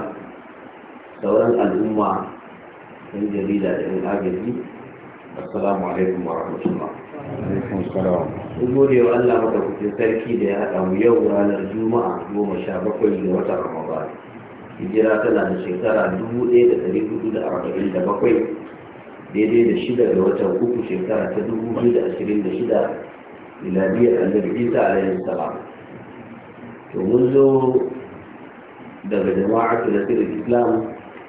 B: sauran al'umma yan jarida da yan agaji assalamu alaikum wa rahmatullah sun gode wa Allah madaukakin sarki da ya haɗa mu yau ranar juma'a goma sha bakwai ga watan ramadan hijira tana da shekara 1447 daidai da shida ga watan uku shekara ta 2026 miladiyar annabi isa alaihi saba to mun zo daga jama'a tunasirin islam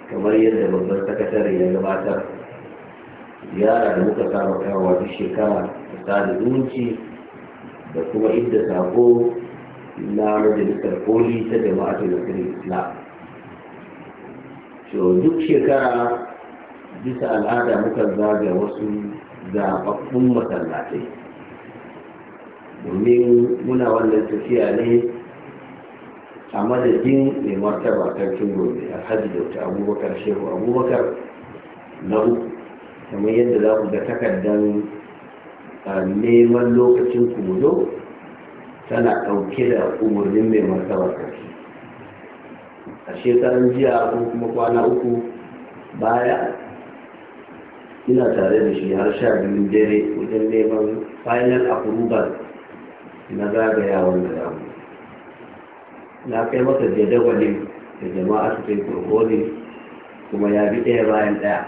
B: kamar yadda babbar sakatare ya gabatar ziyara da muka kama kawo duk shekara da sada zumunci da kuma inda sako na majalisar koli ta jama'a tunasirin islam so duk shekara bisa al'ada muka zaga wasu zaɓaɓɓun masallatai domin muna wannan tafiya ne a madadin mai martaba sarkin gobe hajji da wata abubakar shehu abubakar na uku kamar yadda za ku ga takardar neman lokacin kudo tana ɗauke da umarnin mai martaba sarki a shekarun jiya ko kuma kwana uku baya ina tare da shi har sha biyu dare wajen neman final approval na zagayawan da zamu na kai masa jadawalin da jama'a su kai kurkoli kuma ya bi ɗaya bayan ɗaya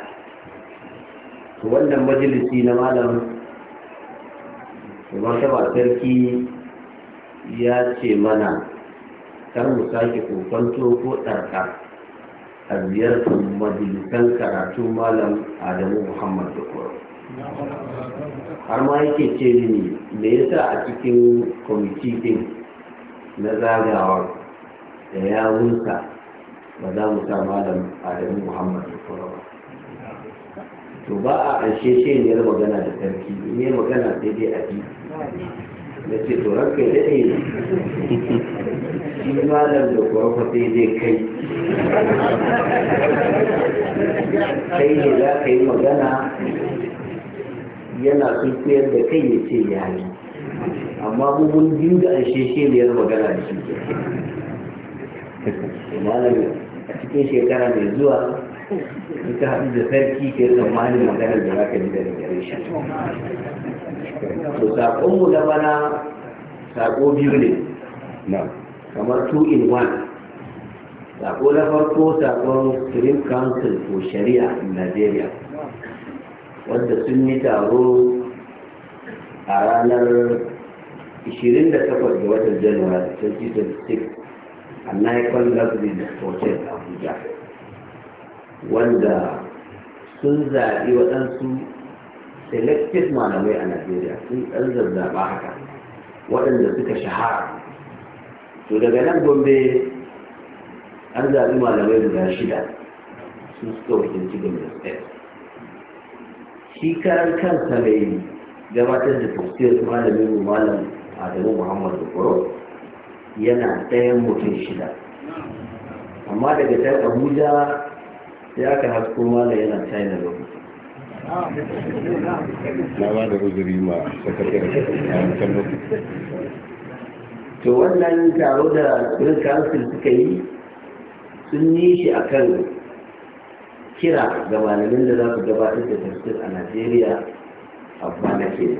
B: to wannan majalisi na malam kuma sarki ya ce mana kar mu sake kokonto ko ɗarka a ziyartar majalisar karatu malam adamu muhammad bukur har ma yake ce mini me yasa a cikin kwamiti din na zagawa da ya wunsa ba za mu sa malam adamu muhammad bukur ba to ba a ƙarshe shi ne magana da sarki ne magana sai dai a ji da ce to ranka ya daɗe shi malam da kuwa sai zai kai kai ne za ka yi magana yana sulfiyar da kai ya ce ya yi amma mun biyu da an shesheliyar magana da shi ke malam a cikin shekara mai zuwa in ka haɗu da sarki ke ne magana da za ka yi da gare shi to saƙonmu da bana saƙo biyu ne kamar two in one saƙo na farko saƙon supreme council for shari'a in nigeria wanda sun yi taro a ranar 28 ga watan january 2026 a nikon luxury hotel abuja wanda sun zaɓi waɗansu selected malamai a najeriya sun ɗan zazzaba haka waɗanda suka shahara to daga nan gombe an zaɓi malamai guda shida sun suka wakilci gombe state shi karan kansa mai gabatar da tafsir malamin mu adamu muhammad bukoro yana ɗayan mutum shida amma daga can abuja sai aka hasko malam yana china lokaci
C: na
B: ba da
A: uzuri ma
C: sakatar a
B: to wannan taro da kudin kansil suka yi sun yi shi kan kira ga malamin da za su gabatar da tafsir a najeriya a ke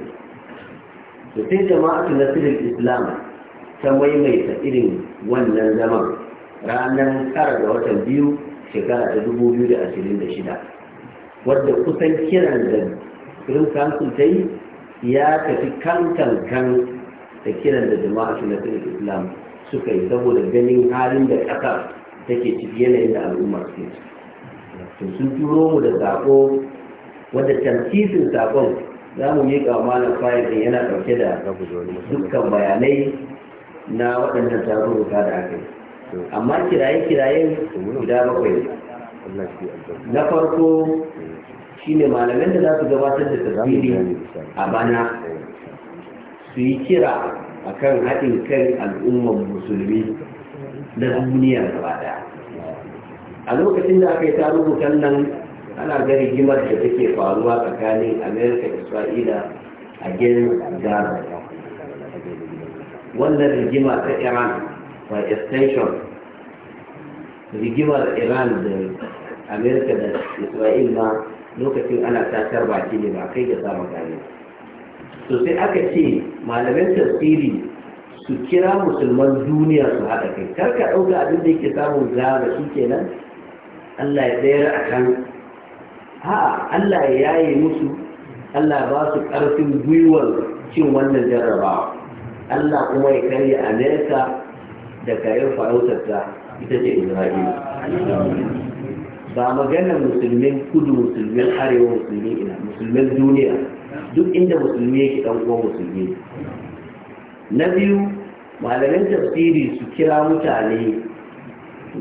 B: da sai jama'atu na sirin islam ta maimaita irin wannan zaman ranar tara da watan biyu shekara ta 2026 wadda kusan kiran da irin kansu ta yi ya tafi kankan kan da kiran da jama'a su na islam suka yi saboda ganin halin da ƙasa take ciki yanayin da al'ummar ke to sun turo mu da saƙo wadda tamkifin saƙon za mu miƙa wa malam fayil yana ɗauke da dukkan bayanai na waɗannan tarurruka da aka yi amma kiraye-kirayen guda bakwai na farko shine malamai da za su gabatar da tafsiri a bana su yi kira akan haɗin kan al'ummar musulmi na duniya gaba ɗaya a lokacin da aka yi taruhukan nan ana ga rigimar da take faruwa tsakanin amerika isra'ila a gidan gaza wannan rigima ta iran by extension rigimar iran da amerika da isra'il ma lokacin ana tatar baki ne ba kai da samun gane to sai aka ce malamin tasiri su kira musulman duniya su haɗa kai kar ɗauka abin da yake samun gaba shi kenan Allah ya tsayar a kan ha Allah ya yaye musu Allah ba su ƙarfin gwiwar cin wannan jarrabawa Allah kuma ya karya Amerika da kayan farautarta ita ce Isra'ila ba maganar musulmin kudu musulmin arewa musulmi ina musulmin duniya duk inda musulmi yake dan uwan musulmi na biyu malamin tafsiri su kira mutane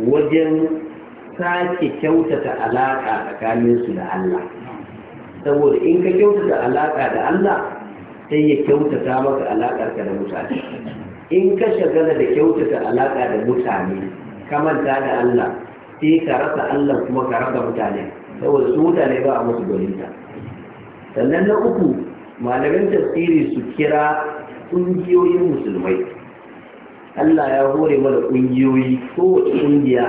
B: wajen sake kyautata alaka tsakanin su da Allah saboda in ka kyautata alaka da Allah sai ya kyautata maka alakar da mutane in ka shagala da kyautata alaka da mutane ka manta da Allah sai ka rasa Allah kuma ka rasa mutane saboda su mutane ba a musu gwaninta sannan na uku malamin tafsiri su kira ƙungiyoyin musulmai Allah ya hore mana ƙungiyoyi kowace ƙungiya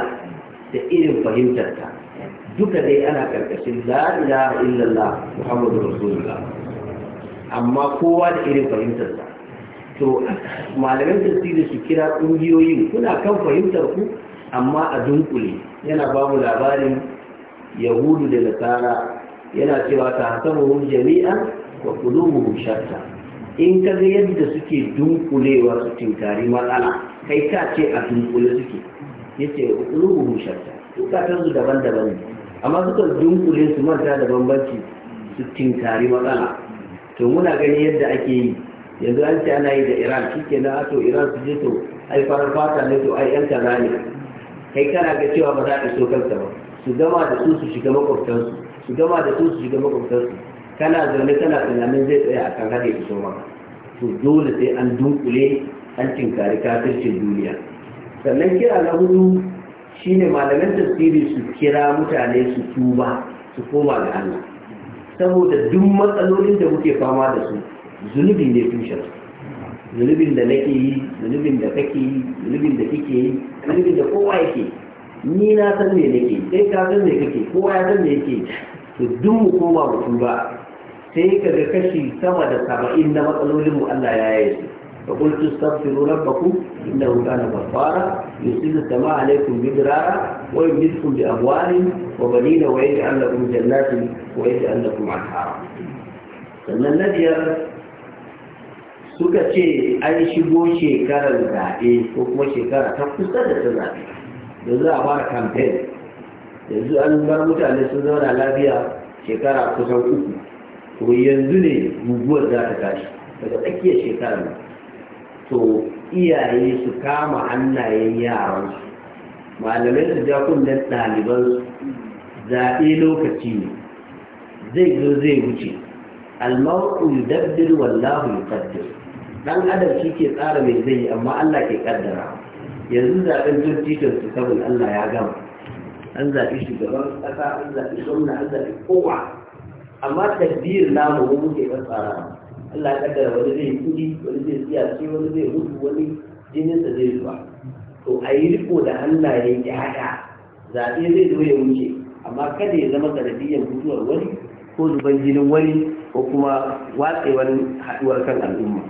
B: da irin fahimtarta duka dai ana ƙarƙashin la ilaha illallah muhammadu rasulullah amma kowa da irin fahimtarsa to malamin tafsiri su kira ƙungiyoyin kuna kan fahimtar ku amma a dunkule yana ba mu labarin yahudu da nasara yana cewa ta hasabuhum jami'a wa qulubuhum shatta in ka ga yadda suke dunkulewa su tinkari matsala kai ka ce a dunkule suke ya ce wa qulubuhum shatta zukatan su daban-daban ne amma suka dunkule su manta da bambanci su tinkari matsala to muna gani yadda ake yi yanzu an ce ana yi da iran shi na ato iran su je to ai farar fata ne to ai yan kaza ne kai kana ga cewa ba za ka so kanka ba su gama da su su shiga makwabtansu su gama da su su shiga makwabtansu kana zaune kana tunanin zai tsaya a kan hada iso ba, to dole sai an dunkule an tinkari kafircin duniya sannan kira na hudu shine malaman tafsiri su kira mutane su tuba su koma ga Allah saboda duk matsalolin da muke fama da su zunubi ne tushen zunubin da nake yi zunubin da kake yi zunubin da kike yi zunubin da kowa yake ni na san me nake sai ka san me kake kowa ya san me yake to duk mu koma mutum ba sai ka ga kashi sama da saba'in na matsalolin mu Allah ya yi su fa qul tastaghfiru rabbakum innahu kana ghaffara yusilu samaa'a alaykum bidrara wa yumdidkum bi amwalin wa banina wa yaj'al lakum jannatin wa yaj'al lakum anhara sannan na biyar. suka ce an shigo shekarar zaɓe ko kuma shekara ta kusa da ta zaɓe za a fara kamfen yanzu an bar mutane sun zauna lafiya shekara kusan uku to yanzu ne guguwar za ta tashi daga tsakiyar shekarar to iyaye su kama hannayen yaransu malamai su ja kunnen ɗalibansu zaɓe lokaci ne zai zo zai wuce almawar dabdir wallahu ya dan adam shi ke tsara mai zai yi amma Allah ke kaddara yanzu zaben jirgin su kabin Allah ya gama an zaɓi shugaban ƙasa an zaɓi gwamna an zaɓi kowa amma takbir namu mu muke ba tsara Allah ya kaddara wani zai yi kudi wani zai siya ce wani zai mutu wani jininsa zai zuwa to a yi riko da Allah ya yi haka zaɓe zai zo ya wuce amma kada ya zama sanadiyyar mutuwar wani ko zuban jinin wani ko kuma watsewar haɗuwar kan al'umma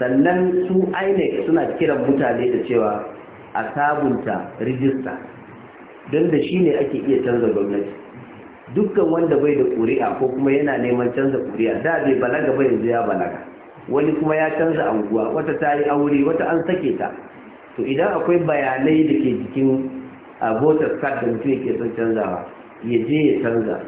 B: sannan su inec suna kiran mutane da cewa a sabunta rijista don da shi ne ake iya canza gwamnati dukkan wanda bai da ƙuri'a ko kuma yana neman canza ƙuri'a da bai balaga bai yanzu ya balaga wani kuma ya canza anguwa wata ta yi aure wata an sake ta to idan akwai bayanai da ke jikin a voter card da mutum yake son canzawa ya je ya canza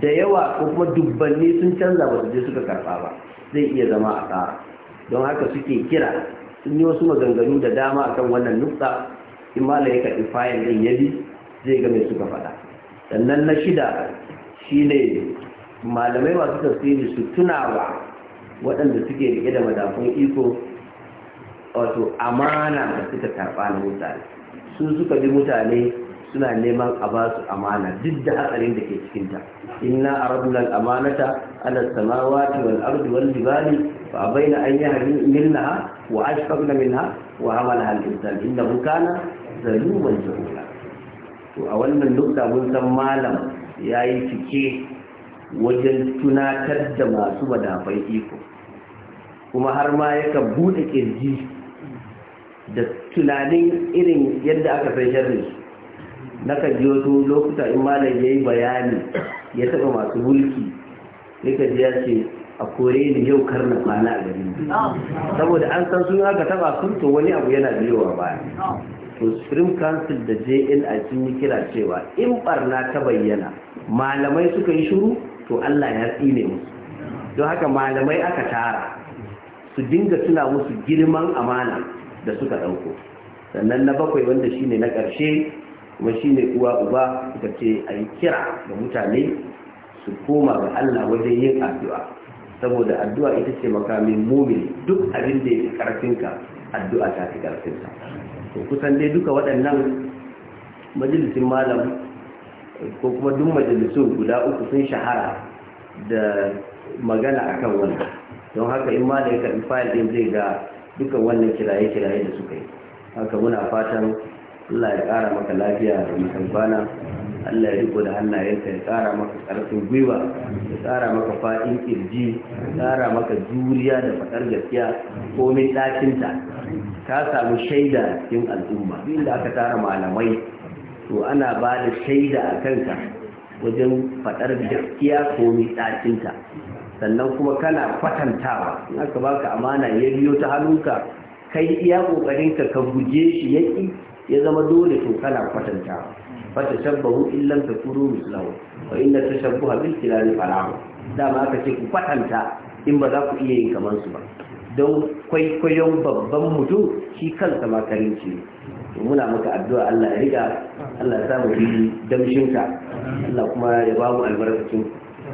B: da yawa ko kuma dubbanni sun canza ba su je suka karɓa ba zai iya zama a tsara don haka suke kira sun yi wasu maganganu da dama akan wannan nutsa, in malam ya karɓi fayil ɗin ya bi zai game suka faɗa sannan na shida shine malamai masu tafsiri su tunawa waɗanda suke riƙe da madafun iko wato amana da suka karɓa na mutane su suka bi mutane suna neman a ba su amana duk da hatsarin da ke cikinta inna a al-amanata ala samawati wal ardi wal jibali fa bayna ayyiha minha wa ashfaqna minha wa hamalaha al-insan innahu kana zaluman jahula to a wannan nukta mun san malam yayi cike wajen tunatar da masu madafai iko kuma har ma yakan buɗe kirji da tunanin irin yadda aka fahimtar da su na kan ji wasu lokuta in malam ya yi bayani ya taɓa masu mulki ya ji ya ce a kore ni yau kar na kwana a gari saboda an san sun haka taba sun to wani abu yana biyowa baya to supreme council da a sun yi kira cewa in barna ta bayyana malamai suka yi shuru to allah ya tsine musu don haka malamai aka tara su dinga suna musu girman amana da suka ɗauko sannan na bakwai wanda shine na ƙarshe kuma shi ne uwa uba ita ce a yi kira da mutane su koma ga Allah wajen yin addu'a saboda addu'a ita ce makamin mumin duk abin da ya fi ƙarfinka addu'a ta fi ƙarfinka to kusan dai duka waɗannan majalisun malam ko kuma duk majalisun guda uku sun shahara da magana akan wannan don haka in malam ya karɓi fayil ɗin zai ga dukan wannan kiraye-kiraye da suka yi haka muna fatan Allah ya ƙara maka lafiya da nisan Allah ya riko da hannayenka ya ƙara maka ƙarfin gwiwa ya ƙara maka faɗin ƙirji ya maka juriya da faɗar gaskiya komai ɗakinta ka samu shaida cikin al'umma duk da aka tara malamai to ana ba da shaida a kanka wajen faɗar gaskiya komai ɗakinta sannan kuma kana kwatantawa in aka baka amana ya biyo ta hannunka kai iya ƙoƙarinka ka guje shi yaƙi ya zama dole to kana kwatanta fa tashabbahu kuru takunu mislahu wa inna tashabbuha bil kilali falahu dama aka ce ku kwatanta in ba za ku iya yin kamar su ba don kwaikwayon babban mutum shi kansa ma karinci muna maka addu'a Allah ya riga Allah ya samu yi damshinka Allah kuma ya ba mu albarkacin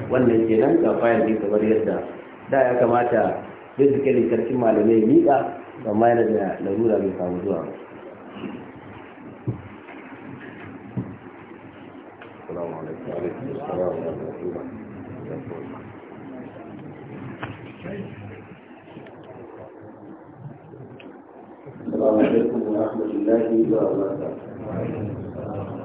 B: wannan kenan ga fayar din kamar yadda da ya kamata duk da kalin karfin malamai miƙa amma yana da larura mai samu zuwa ba
A: السلام عليكم وعليكم السلام ورحمة الله
C: السلام عليكم ورحمة
B: الله وبركاته